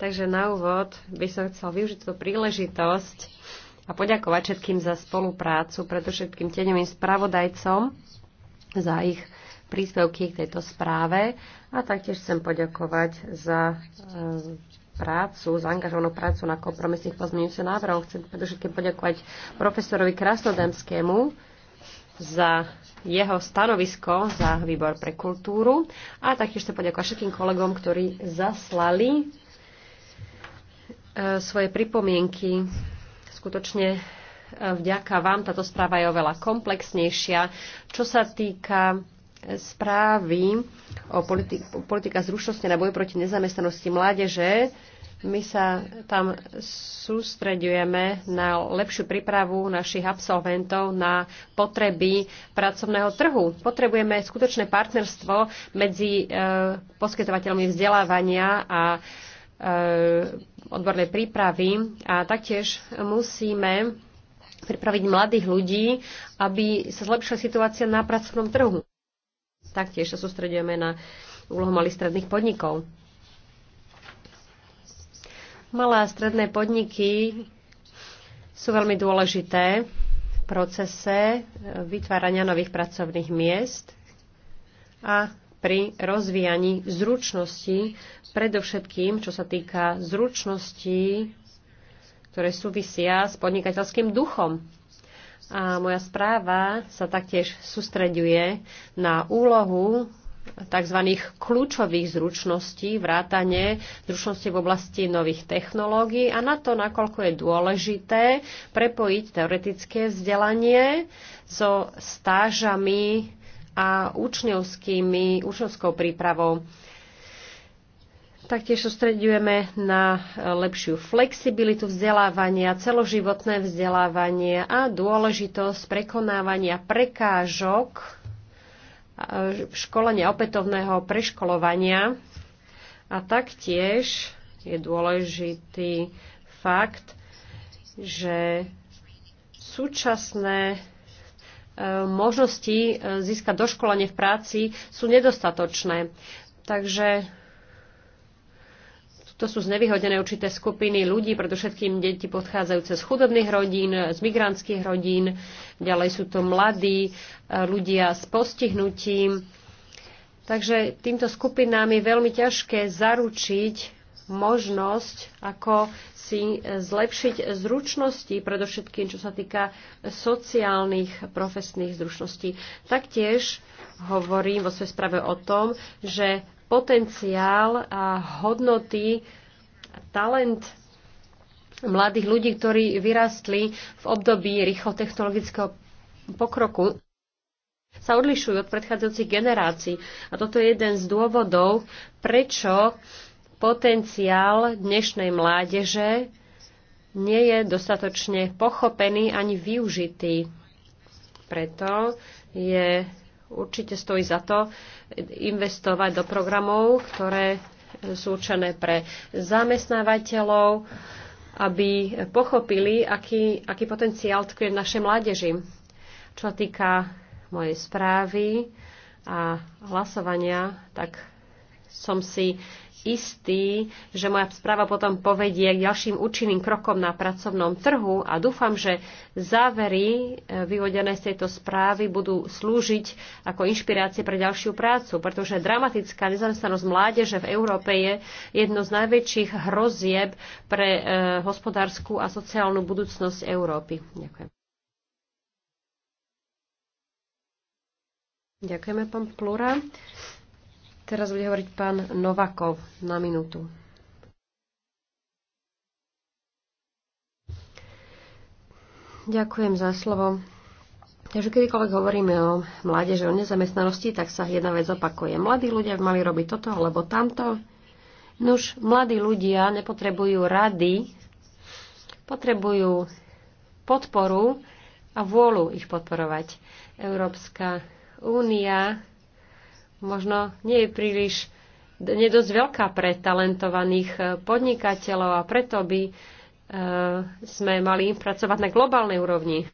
Takže na úvod by som chcel využiť tú príležitosť a poďakovať všetkým za spoluprácu, predovšetkým teňovým spravodajcom za ich príspevky k tejto správe a taktiež chcem poďakovať za e, prácu, za angažovanú prácu na kompromisných pozmeňujúcich návrhoch. Chcem predovšetkým poďakovať profesorovi Krasnodemskému za jeho stanovisko za výbor pre kultúru a taktiež chcem poďakovať všetkým kolegom, ktorí zaslali E, svoje pripomienky. Skutočne e, vďaka vám táto správa je oveľa komplexnejšia. Čo sa týka e, správy o, politi- politika zrušnosti na boj proti nezamestnanosti mládeže, my sa tam sústreďujeme na lepšiu prípravu našich absolventov na potreby pracovného trhu. Potrebujeme skutočné partnerstvo medzi e, poskytovateľmi vzdelávania a e, Eh, odbornej prípravy a taktiež musíme pripraviť mladých ľudí, aby sa zlepšila situácia na pracovnom trhu. Taktiež sa sústredujeme na úlohu malých stredných podnikov. Malé a stredné podniky sú veľmi dôležité v procese vytvárania nových pracovných miest a pri rozvíjaní zručností, predovšetkým čo sa týka zručností, ktoré súvisia s podnikateľským duchom. A moja správa sa taktiež sústreďuje na úlohu tzv. kľúčových zručností, vrátane zručnosti v oblasti nových technológií a na to, nakoľko je dôležité prepojiť teoretické vzdelanie so stážami a učňovskými, učňovskou prípravou. Taktiež sústredujeme na lepšiu flexibilitu vzdelávania, celoživotné vzdelávanie a dôležitosť prekonávania prekážok školenia opätovného preškolovania. A taktiež je dôležitý fakt, že súčasné možnosti e, získať doškolenie v práci sú nedostatočné. Takže to sú znevýhodené určité skupiny ľudí, predovšetkým deti podchádzajúce z chudobných rodín, z migrantských rodín, ďalej sú to mladí e, ľudia s postihnutím. Takže týmto skupinám je veľmi ťažké zaručiť možnosť, ako si zlepšiť zručnosti, predovšetkým čo sa týka sociálnych profesných zručností. Taktiež hovorím vo svojej správe o tom, že potenciál a hodnoty, talent mladých ľudí, ktorí vyrastli v období rýchlo technologického pokroku, sa odlišujú od predchádzajúcich generácií. A toto je jeden z dôvodov, prečo potenciál dnešnej mládeže nie je dostatočne pochopený ani využitý. Preto je určite stojí za to investovať do programov, ktoré sú určené pre zamestnávateľov, aby pochopili, aký, aký potenciál tkuje v našej mládeži. Čo sa týka mojej správy a hlasovania, tak som si istý, že moja správa potom povedie k ďalším účinným krokom na pracovnom trhu a dúfam, že závery e, vyvodené z tejto správy budú slúžiť ako inšpirácie pre ďalšiu prácu, pretože dramatická nezamestnanosť mládeže v Európe je jedno z najväčších hrozieb pre e, hospodárskú a sociálnu budúcnosť Európy. Ďakujem. Ďakujeme, pán Plura. Teraz bude hovoriť pán Novakov na minútu. Ďakujem za slovo. Takže kedykoľvek hovoríme o mládeže, o nezamestnanosti, tak sa jedna vec opakuje. Mladí ľudia mali robiť toto alebo tamto. Nuž, mladí ľudia nepotrebujú rady, potrebujú podporu a vôľu ich podporovať. Európska únia možno nie je príliš nedosť veľká pre talentovaných eh, podnikateľov a preto by e, sme mali pracovať na globálnej úrovni.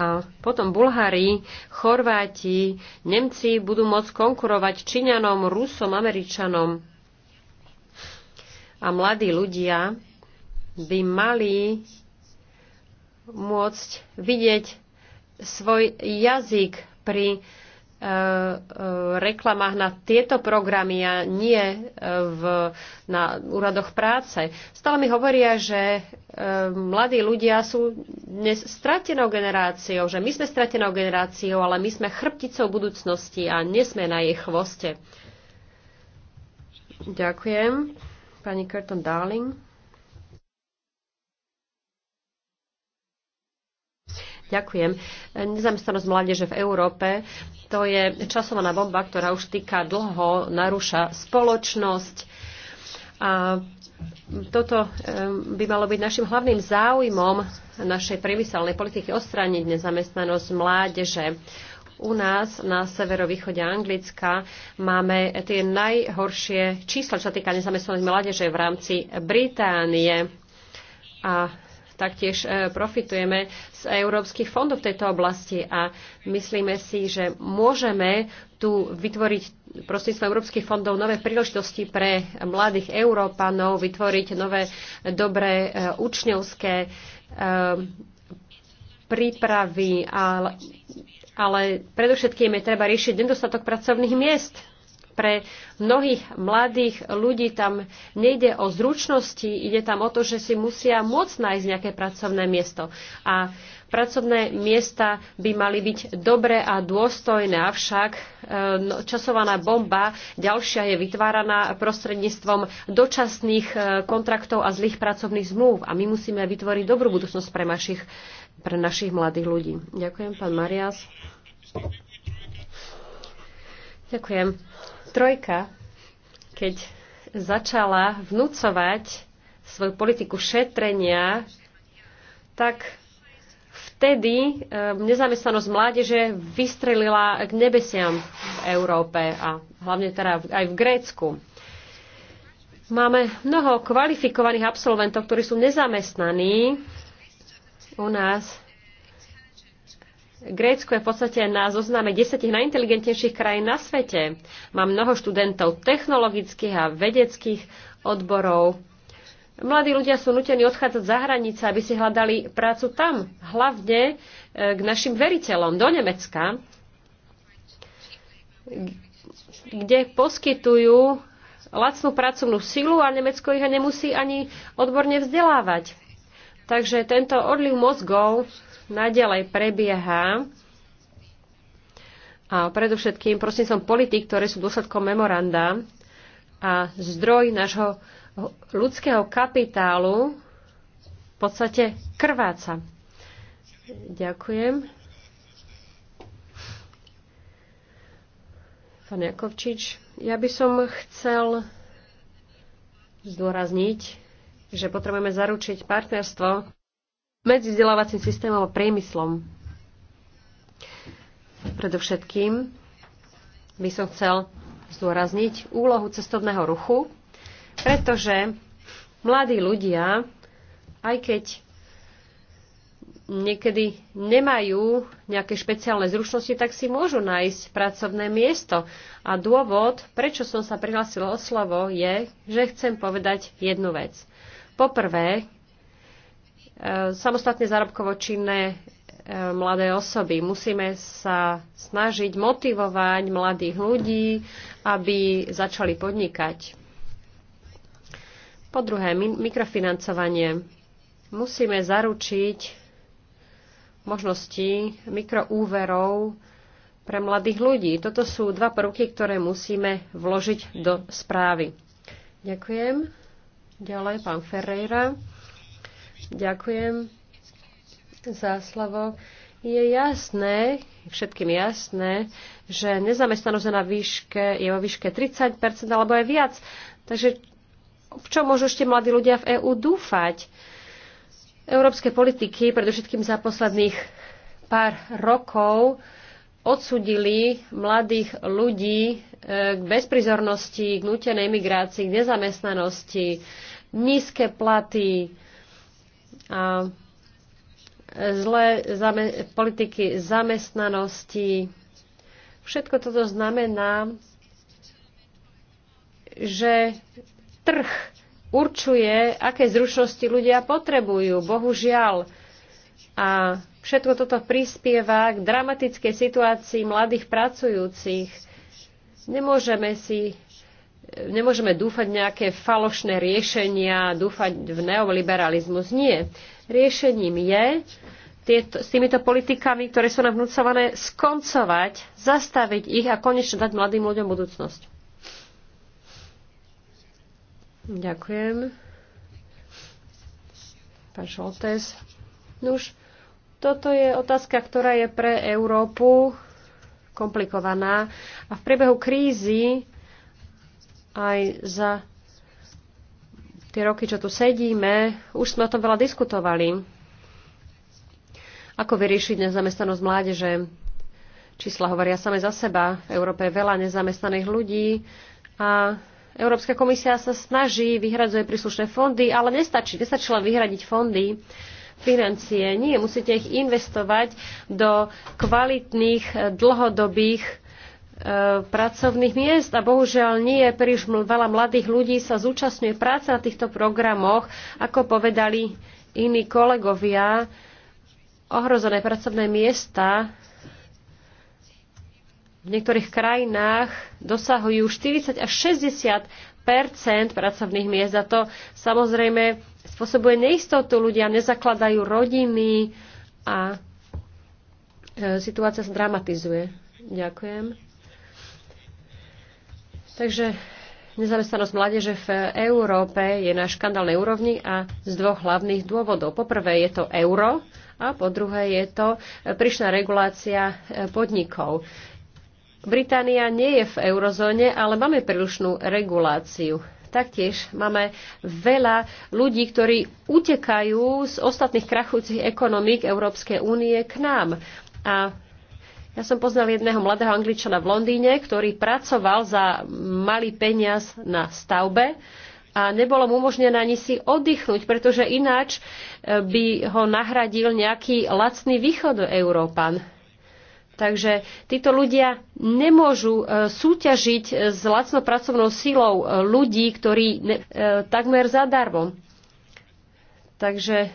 A potom Bulhári, Chorváti, Nemci budú môcť konkurovať Číňanom, Rusom, Američanom. A mladí ľudia by mali môcť vidieť svoj jazyk pri uh, Eh, eh, reklamách na tieto programy a nie eh, v, na úradoch práce. Stále mi hovoria, že mladí ľudia sú dnes stratenou generáciou, že my sme stratenou generáciou, ale my sme chrbticou budúcnosti a nesme na jej chvoste. Ďakujem. Pani Curtin Darling. Ďakujem. Nezamestnanosť mládeže v Európe to je časovaná bomba, ktorá už týka dlho, narúša spoločnosť a toto e, by malo byť našim hlavným záujmom našej priemyselnej politiky odstrániť nezamestnanosť mládeže. U nás na severovýchode Anglicka máme tie najhoršie čísla, čo sa týka nezamestnanosti mládeže v rámci Británie. A taktiež e, profitujeme z európskych fondov v tejto oblasti a myslíme si, že môžeme tu vytvoriť prostredníctvom európskych fondov nové príležitosti pre mladých Európanov, vytvoriť nové dobré e, učňovské e, prípravy, ale, ale predovšetkým je treba riešiť nedostatok pracovných miest pre mnohých mladých ľudí tam nejde o zručnosti, ide tam o to, že si musia môcť nájsť nejaké pracovné miesto. A pracovné miesta by mali byť dobré a dôstojné, avšak e, no, časovaná bomba ďalšia je vytváraná prostredníctvom dočasných e, kontraktov a zlých pracovných zmluv. A my musíme vytvoriť dobrú budúcnosť pre našich, pre našich mladých ľudí. Ďakujem, pán Marias. Ďakujem. Trojka, keď začala vnúcovať svoju politiku šetrenia, tak vtedy e, nezamestnanosť mládeže vystrelila k nebesiam v Európe a hlavne teda aj v Grécku. Máme mnoho kvalifikovaných absolventov, ktorí sú nezamestnaní. U nás Grécko je v podstate na zozname desetich najinteligentnejších krajín na svete. Má mnoho študentov technologických a vedeckých odborov. Mladí ľudia sú nutení odchádzať za hranice, aby si hľadali prácu tam, hlavne e, k našim veriteľom do Nemecka, kde poskytujú lacnú pracovnú silu a Nemecko ich nemusí ani odborne vzdelávať. Takže tento odliv mozgov naďalej prebieha a predovšetkým prosím som politik, ktoré sú dôsledkom memoranda a zdroj nášho ľudského kapitálu v podstate krváca. Ďakujem. Pán Jakovčič, ja by som chcel zdôrazniť, že potrebujeme zaručiť partnerstvo medzi vzdelávacím systémom a priemyslom. Predovšetkým by som chcel zdôrazniť úlohu cestovného ruchu, pretože mladí ľudia, aj keď niekedy nemajú nejaké špeciálne zručnosti, tak si môžu nájsť pracovné miesto. A dôvod, prečo som sa prihlásil o slovo, je, že chcem povedať jednu vec. Poprvé, samostatne zárobkovo činné e, mladé osoby. Musíme sa snažiť motivovať mladých ľudí, aby začali podnikať. Po druhé, mikrofinancovanie. Musíme zaručiť možnosti mikroúverov pre mladých ľudí. Toto sú dva prvky, ktoré musíme vložiť do správy. Ďakujem. Ďalej pán Ferreira. Ďakujem za slovo. Je jasné, všetkým jasné, že nezamestnanosť na výške je vo výške 30 alebo aj viac. Takže v čo môžu ešte mladí ľudia v EÚ dúfať? Európske politiky, predovšetkým za posledných pár rokov, odsudili mladých ľudí e, k bezprizornosti, k nutenej migrácii, k nezamestnanosti, nízke platy, zlé zame- politiky zamestnanosti. Všetko toto znamená, že trh určuje, aké zručnosti ľudia potrebujú. Bohužiaľ. A všetko toto prispieva k dramatickej situácii mladých pracujúcich. Nemôžeme si nemôžeme dúfať nejaké falošné riešenia, dúfať v neoliberalizmus. Nie. Riešením je tieto, s týmito politikami, ktoré sú nám vnúcované, skoncovať, zastaviť ich a konečne dať mladým ľuďom budúcnosť. Ďakujem. Pán Šoltes. Nuž, toto je otázka, ktorá je pre Európu komplikovaná a v priebehu krízy aj za tie roky, čo tu sedíme, už sme o tom veľa diskutovali. Ako vyriešiť nezamestnanosť mládeže? Čísla hovoria same za seba. V Európe je veľa nezamestnaných ľudí a Európska komisia sa snaží, vyhradzuje príslušné fondy, ale nestačí. Nestačí len vyhradiť fondy, financie. Nie, musíte ich investovať do kvalitných, dlhodobých E, pracovných miest a bohužiaľ nie je príliš veľa mladých ľudí sa zúčastňuje práce na týchto programoch, ako povedali iní kolegovia, ohrozené pracovné miesta v niektorých krajinách dosahujú 40 až 60 pracovných miest a to samozrejme spôsobuje neistotu ľudia, nezakladajú rodiny a e, situácia sa dramatizuje. Ďakujem. Takže Nezamestnanosť mládeže v Európe je na škandálnej úrovni a z dvoch hlavných dôvodov. Po prvé je to euro a po druhé je to prišná regulácia podnikov. Británia nie je v eurozóne, ale máme prílišnú reguláciu. Taktiež máme veľa ľudí, ktorí utekajú z ostatných krachujúcich ekonomík Európskej únie k nám. A ja som poznal jedného mladého angličana v Londýne, ktorý pracoval za malý peniaz na stavbe a nebolo mu umožnené ani si oddychnúť, pretože ináč e, by ho nahradil nejaký lacný východ, Európan. Takže títo ľudia nemôžu e, súťažiť e, s lacnou pracovnou silou ľudí, ktorí takmer zadarmo. Takže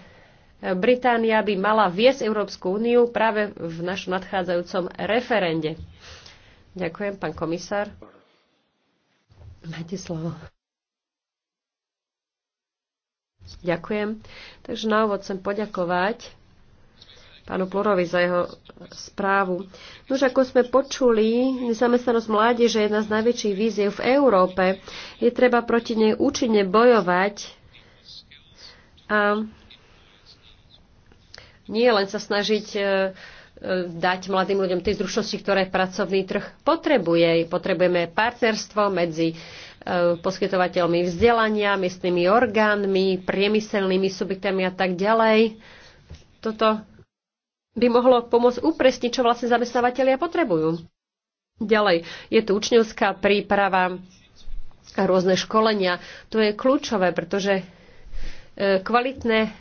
Británia by mala viesť Európsku úniu práve v našom nadchádzajúcom referende. Ďakujem, pán komisár. Máte slovo. Ďakujem. Takže na úvod chcem poďakovať pánu Plurovi za jeho správu. Nož ako sme počuli, nezamestnanosť mládeže je jedna z najväčších víziev v Európe. Je treba proti nej účinne bojovať. A nie len sa snažiť e, e, dať mladým ľuďom tie zručnosti, ktoré pracovný trh potrebuje. Potrebujeme partnerstvo medzi e, poskytovateľmi vzdelania, miestnymi orgánmi, priemyselnými subjektami a tak ďalej. Toto by mohlo pomôcť upresniť, čo vlastne zamestnávateľia potrebujú. Ďalej, je tu učňovská príprava a rôzne školenia. To je kľúčové, pretože kvalitné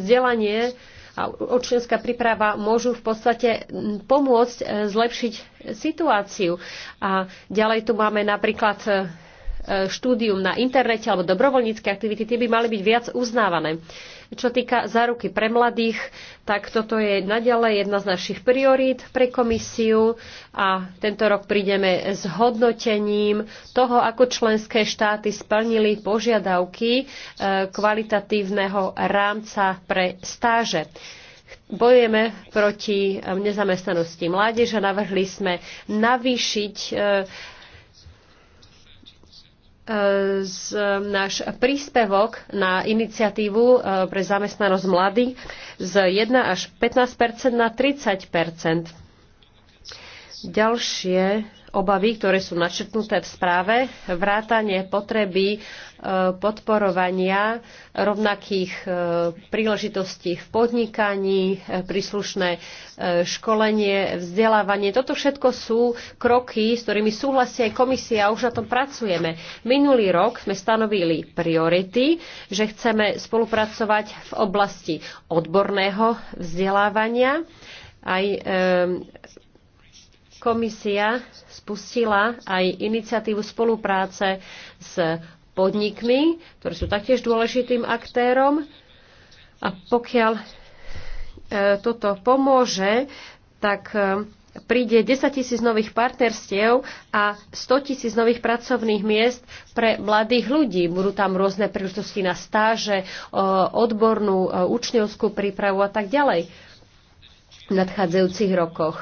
vzdelanie a učňovská príprava môžu v podstate pomôcť e, zlepšiť situáciu. A ďalej tu máme napríklad e, E, štúdium na internete alebo dobrovoľnícke aktivity, tie by mali byť viac uznávané. Čo týka záruky pre mladých, tak toto je naďalej jedna z našich priorít pre komisiu a tento rok prídeme s hodnotením toho, ako členské štáty splnili požiadavky e, kvalitatívneho rámca pre stáže bojujeme proti nezamestnanosti mládeže. Navrhli sme navýšiť e, z, náš príspevok na iniciatívu e, pre zamestnanosť mladých z 1 až 15 na 30 Ďalšie obavy, ktoré sú načrtnuté v správe, vrátanie potreby e, podporovania rovnakých e, príležitostí v podnikaní, e, príslušné školenie, vzdelávanie. Toto všetko sú kroky, s ktorými súhlasia aj komisia a už na tom pracujeme. Minulý rok sme stanovili priority, že chceme spolupracovať v oblasti odborného vzdelávania aj komisia spustila aj iniciatívu spolupráce s podnikmi, ktoré sú taktiež dôležitým aktérom. A pokiaľ e, toto pomôže, tak e, príde 10 tisíc nových partnerstiev a 100 tisíc nových pracovných miest pre mladých ľudí. Budú tam rôzne príležitosti na stáže, e, odbornú, učňovskú prípravu a tak ďalej v nadchádzajúcich rokoch.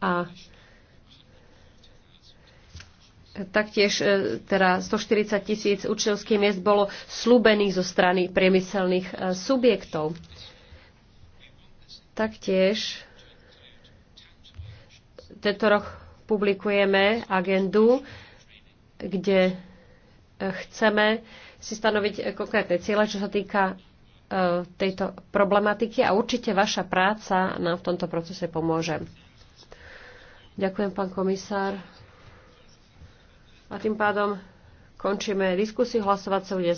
A Taktiež e, teda 140 tisíc učiteľských miest bolo slúbených zo strany priemyselných e, subjektov. Taktiež tento rok publikujeme agendu, kde e, chceme si stanoviť konkrétne cieľe, čo sa týka tejto problematiky a určite vaša práca nám v tomto procese pomôže. Ďakujem, pán komisár. A tým pádom končíme diskusiu. Hlasovať sa bude